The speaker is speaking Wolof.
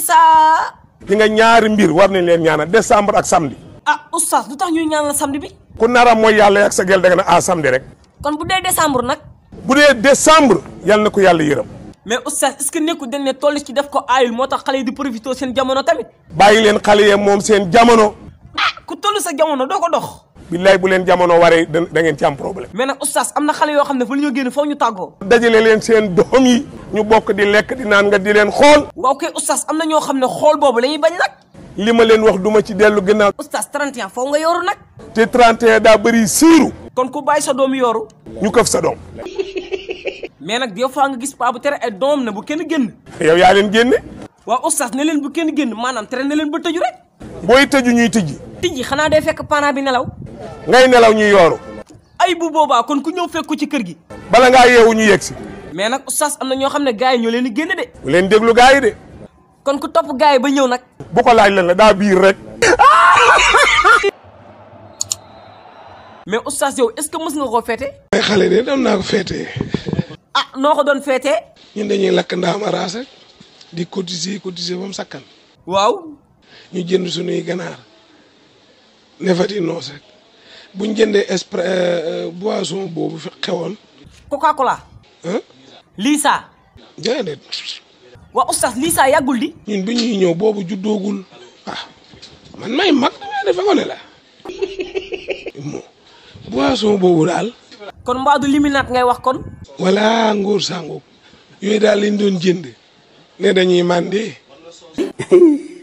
sa li nga ñaari mbir war nañ leen ñaanal décembre ak samedi ah oustaz lutax ñu ñaanal samedi bi ku nara moy yalla ak sa gel da nga a samedi rek kon bu dé décembre nak bu dé décembre yalla nako yalla yàlla mais oustaz est ce que nekku dañ né tollu ci def ko ayul motax xalé yi di profito sen jamono tamit bayi leen xalé yee mom sen jamono ah ku tollu sa jamono do ko dox billahi bu leen jamono waré da ngeen ci am problème mais nak oustaz amna xalé yo xamné fa ñu génn ñu taggo dajalé leen sen dom yi ñu bok di lek di naan nga di len xol waaw kay oustaz amna ño xamne xol bobu lañuy bañ nak lima len wax duma ci delu gënal oustaz 31 fo nga yoru nak te 31 da bari siru kon ku bay sa dom yoru ñu këf sa dom mais nak des fa nga gis pa bu tere ay dom na bu kenn génn yow ya len génne wa oustaz ne len bu kenn génn manam tere ne len ba tëju rek boy tëju ñuy tëji tëji xana day fekk pana bi nelaw ngay nelaw ñuy yoru ay bu boba kon ku ñëw fekku ci kër gi bala nga yewu ñu yegsi mais nag oustaz am na ñoo xam ne gars yi ñoo leen di génne de. bu leen déglu gars de. kon ku topp gars yi ba ñëw nag. bu ko laaj lan la daa biir rek. mais oustaz yow est-ce que mës nga koo féete. ay xale de doon naa ko ah noo ko doon féete. ñun dañuy lakk ndaama raas rek di cotiser cotiser ba mu sakkan. waaw. ñu jënd suñuy ganaar ne fati noos bu ñu jëndee espre euh, euh, boisson boobu fi xewoon. coca Lisa. déedéet. waa oustaz Lisa yàggul di. ñun bi ñuy ñëw boobu juddoogul ah man may mag damaa defe ko ne la. boisson boobu daal. kon mbaa liminaat ngay wax kon. wala ngóor sàngu yooyu daal lañ doon jënd ne dañuy màndee.